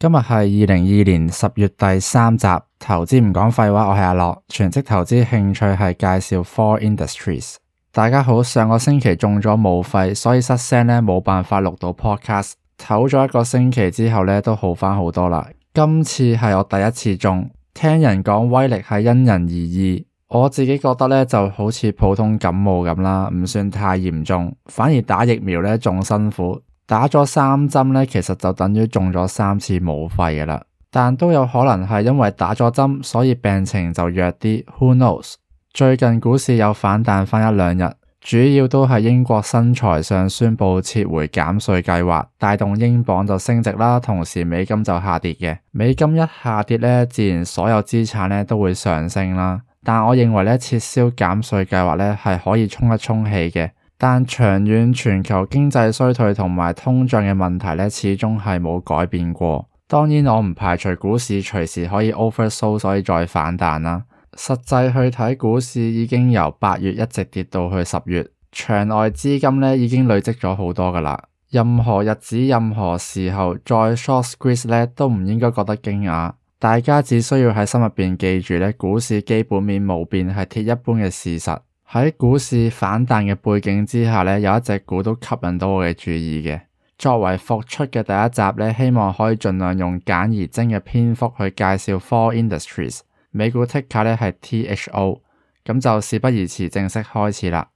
今日係二零二二年十月第三集，投資唔講廢話，我係阿樂，全職投資興趣係介紹 THOR Industries。大家好，上個星期中咗武肺，所以失聲呢冇辦法錄到 Podcast。唞咗一個星期之後呢都好返好多啦。今次係我第一次中，聽人講威力係因人而異，我自己覺得呢就好似普通感冒咁啦，唔算太嚴重，反而打疫苗呢仲辛苦。打咗三針咧，其實就等於中咗三次冇費嘅啦，但都有可能係因為打咗針，所以病情就弱啲。Who knows？最近股市有反彈翻一兩日，主要都係英國新財相宣布撤回減稅計劃，帶動英鎊就升值啦，同時美金就下跌嘅。美金一下跌咧，自然所有資產咧都會上升啦。但我認為咧，撤銷減稅計劃咧係可以沖一沖氣嘅。但長遠全球經濟衰退同埋通脹嘅問題咧，始終係冇改變過。當然，我唔排除股市隨時可以 oversold，所以再反彈啦。實際去睇，股市已經由八月一直跌到去十月，場外資金咧已經累積咗好多噶啦。任何日子、任何時候再 short squeeze 呢，都唔應該覺得驚訝。大家只需要喺心入邊記住呢，股市基本面冇變，係鐵一般嘅事實。喺股市反彈嘅背景之下咧，有一隻股都吸引到我嘅注意嘅。作為復出嘅第一集咧，希望可以盡量用簡而精嘅篇幅去介紹 THOR Industries。美股 ticker 咧係 THO。咁就事不宜遲，正式開始啦。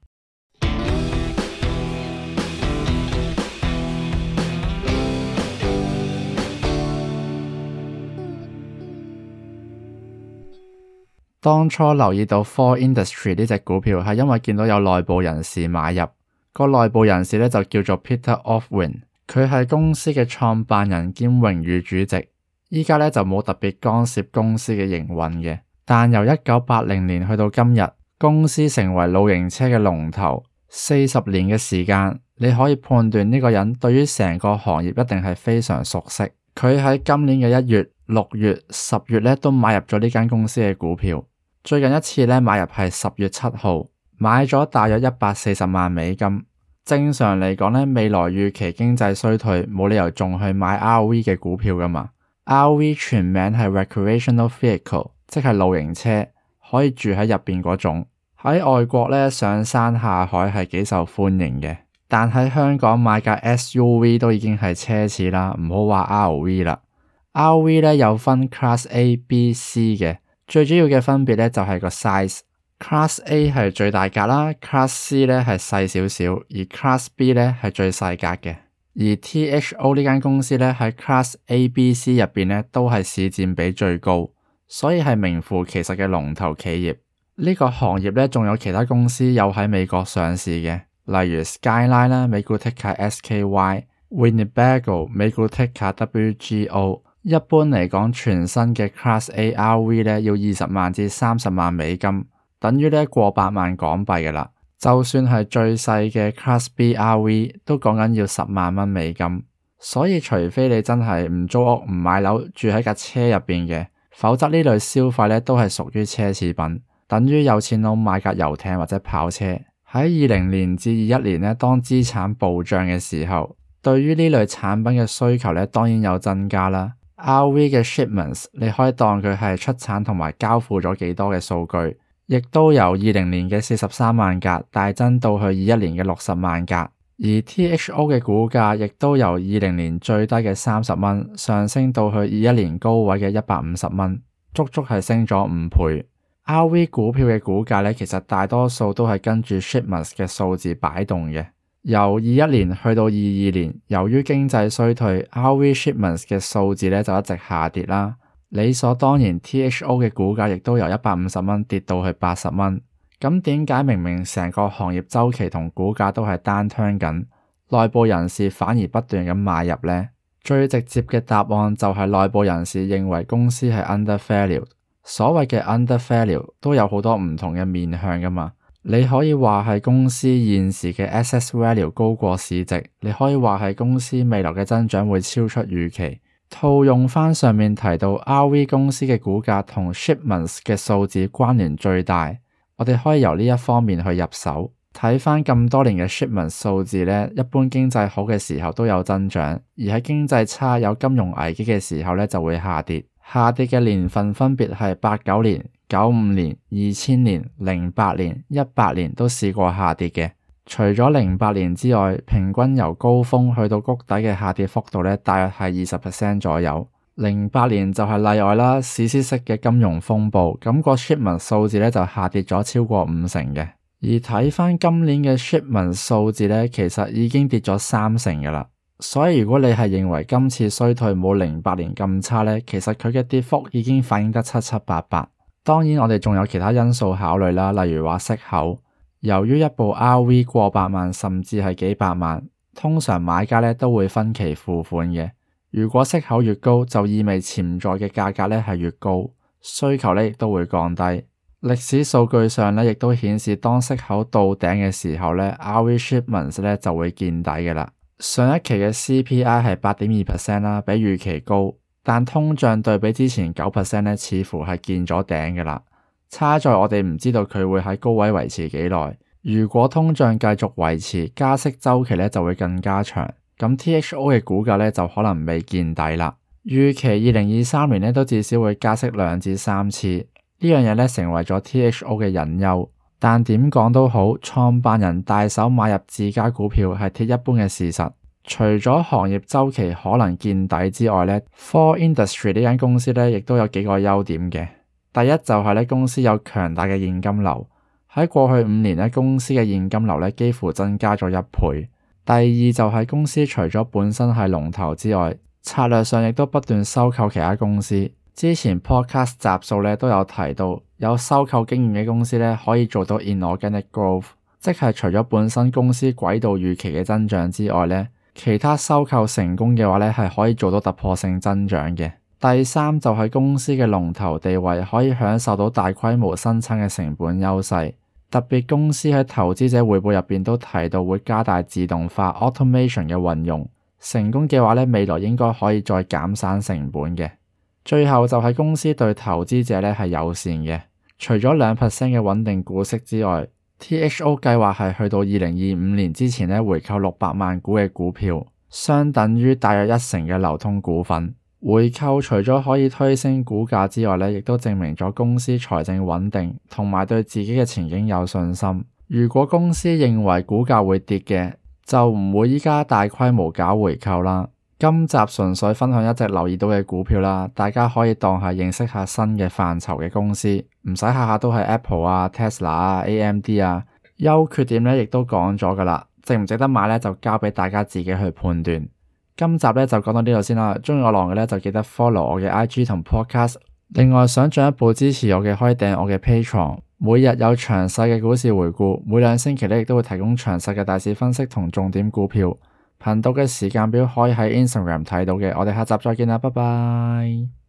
當初留意到 THOR Industries 呢隻股票，係因為見到有內部人士買入。個內部人士呢，就叫做 Peter Offwin，佢係公司嘅創辦人兼榮譽主席。依家呢，就冇特別干涉公司嘅營運嘅。但由一九八零年去到今日，公司成為露營車嘅龍頭，四十年嘅時間，你可以判斷呢個人對於成個行業一定係非常熟悉。佢喺今年嘅一月、六月、十月呢，都買入咗呢間公司嘅股票。最近一次咧買入係十月七號，買咗大約一百四十萬美金。正常嚟講咧，未來預期經濟衰退，冇理由仲去買 RV 嘅股票噶嘛。RV 全名係 Recreational Vehicle，即係露營車，可以住喺入邊嗰種。喺外國咧，上山下海係幾受歡迎嘅，但喺香港買架 SUV 都已經係奢侈啦，唔好話 RV 啦。RV 咧有分 Class A、B、C 嘅。最主要嘅分別咧就係個 size，class A 係最大格啦，class C 咧係細少少，而 class B 咧係最細格嘅。而 THO 呢間公司咧喺 class A、B、C 入邊咧都係市占比最高，所以係名副其實嘅龍頭企業。呢、這個行業咧仲有其他公司有喺美國上市嘅，例如 Skyline 啦，美股 ticker SKY，Winnebago 美股 ticker WGO。一般嚟講，全新嘅 Class A R V 咧要二十萬至三十萬美金，等於咧過百萬港幣噶啦。就算係最細嘅 Class B R V 都講緊要十萬蚊美金，所以除非你真係唔租屋唔買樓住喺架車入邊嘅，否則呢類消費咧都係屬於奢侈品，等於有錢佬買架遊艇或者跑車。喺二零年至二一年咧，當資產暴漲嘅時候，對於呢類產品嘅需求咧，當然有增加啦。R V 嘅 shipments，你可以當佢係出產同埋交付咗幾多嘅數據，亦都由二零年嘅四十三萬架大增到去二一年嘅六十萬架，而 T H O 嘅股價亦都由二零年最低嘅三十蚊上升到去二一年高位嘅一百五十蚊，足足係升咗五倍。R V 股票嘅股價咧，其實大多數都係跟住 shipments 嘅數字擺動嘅。由二一年去到二二年，由於經濟衰退，RV shipments 嘅數字咧就一直下跌啦。理所當然，THO 嘅股價亦都由一百五十蚊跌到去八十蚊。咁點解明明成個行業周期同股價都係 down 緊，內部人士反而不斷咁買入咧？最直接嘅答案就係內部人士認為公司係 undervalued，所謂嘅 undervalued 都有好多唔同嘅面向噶嘛。你可以話係公司現時嘅 asset value 高過市值，你可以話係公司未來嘅增長會超出預期。套用翻上面提到，RV 公司嘅股價同 shipments 嘅數字關聯最大，我哋可以由呢一方面去入手，睇翻咁多年嘅 shipments 數字咧，一般經濟好嘅時候都有增長，而喺經濟差有金融危機嘅時候咧就會下跌，下跌嘅年份分別係八九年、九五年、二千年、零八年、一八年都試過下跌嘅。除咗零八年之外，平均由高峰去到谷底嘅下跌幅度咧，大約係二十 percent 左右。零八年就係例外啦，史詩式嘅金融風暴，咁個 shipment 數字咧就下跌咗超過五成嘅。而睇翻今年嘅 shipment 數字咧，其實已經跌咗三成噶啦。所以如果你係認為今次衰退冇零八年咁差咧，其實佢嘅跌幅已經反映得七七八八。當然我哋仲有其他因素考慮啦，例如話息口。由於一部 RV 過百萬甚至係幾百萬，通常買家咧都會分期付款嘅。如果息口越高，就意味潛在嘅價格咧係越高，需求咧亦都會降低。歷史數據上咧亦都顯示，當息口到頂嘅時候咧，RV shipments 咧就會見底嘅啦。上一期嘅 CPI 係八點二 percent 啦，比預期高。但通脹對比之前九 percent 咧，似乎係見咗頂㗎喇。差在我哋唔知道佢會喺高位維持幾耐。如果通脹繼續維持，加息週期咧就會更加長。咁 THO 嘅股價咧就可能未見底啦。預期二零二三年咧都至少會加息兩至三次。呢樣嘢咧成為咗 THO 嘅隱憂。但點講都好，創辦人大手買入自家股票係鐵一般嘅事實。除咗行業週期可能見底之外咧，Thor Industry 呢間公司咧亦都有幾個優點嘅。第一就係咧，公司有強大嘅現金流，喺過去五年咧，公司嘅現金流咧幾乎增加咗一倍。第二就係公司除咗本身係龍頭之外，策略上亦都不斷收購其他公司。之前 Podcast 集數咧都有提到，有收購經驗嘅公司咧可以做到 inorganic growth，即係除咗本身公司軌道預期嘅增長之外咧。其他收購成功嘅話呢係可以做到突破性增長嘅。第三就係公司嘅龍頭地位，可以享受到大規模生產嘅成本優勢。特別公司喺投資者匯報入邊都提到，會加大自動化 automation 嘅運用。成功嘅話呢未來應該可以再減省成本嘅。最後就係公司對投資者呢係友善嘅，除咗兩 percent 嘅穩定股息之外，T H O 計劃係去到二零二五年之前咧，回購六百萬股嘅股票，相等於大約一成嘅流通股份。回購除咗可以推升股價之外咧，亦都證明咗公司財政穩定，同埋對自己嘅前景有信心。如果公司認為股價會跌嘅，就唔會依家大規模搞回購啦。今集純粹分享一隻留意到嘅股票啦，大家可以當下認識下新嘅範疇嘅公司，唔使下下都係 Apple 啊、Tesla 啊、AMD 啊。優缺點咧亦都講咗噶啦，值唔值得買咧就交俾大家自己去判斷。今集咧就講到呢度先啦，中意我浪嘅咧就記得 follow 我嘅 IG 同 Podcast。另外想進一步支持我嘅開訂我嘅 Patreon，每日有詳細嘅股市回顧，每兩星期咧亦都會提供詳細嘅大市分析同重點股票。頻道嘅時間表可以喺 Instagram 睇到嘅，我哋下集再見啦，拜拜。